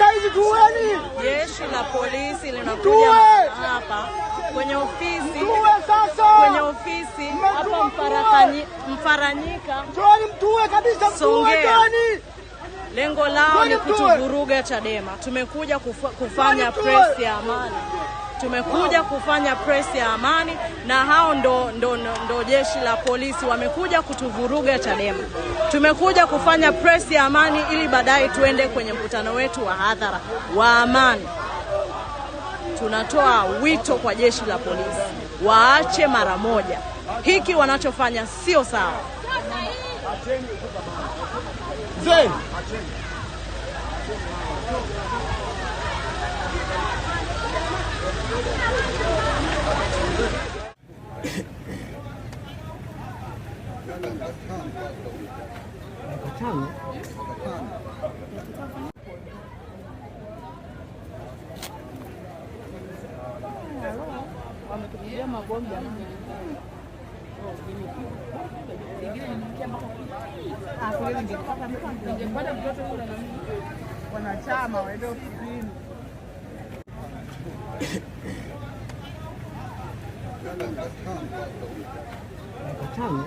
saizi tuweni, jeshi la polisi linakuja hapa kwenye ofisi tuwe sasa, kwenye ofisi hapa mfarakani Mfaranyika, njoni mtuwe kabisa, mtuwe Songea. Lengo lao ni kutuvuruga Chadema. Tumekuja kufa, kufanya press ya amani tumekuja kufanya press ya amani, na hao ndo, ndo, ndo, ndo jeshi la polisi wamekuja kutuvuruga Chadema. Tumekuja kufanya press ya amani ili baadaye tuende kwenye mkutano wetu wa hadhara wa amani. Tunatoa wito kwa jeshi la polisi waache mara moja, hiki wanachofanya sio sawa. Tano wametupigia wanachama waende ofisini. ちゃう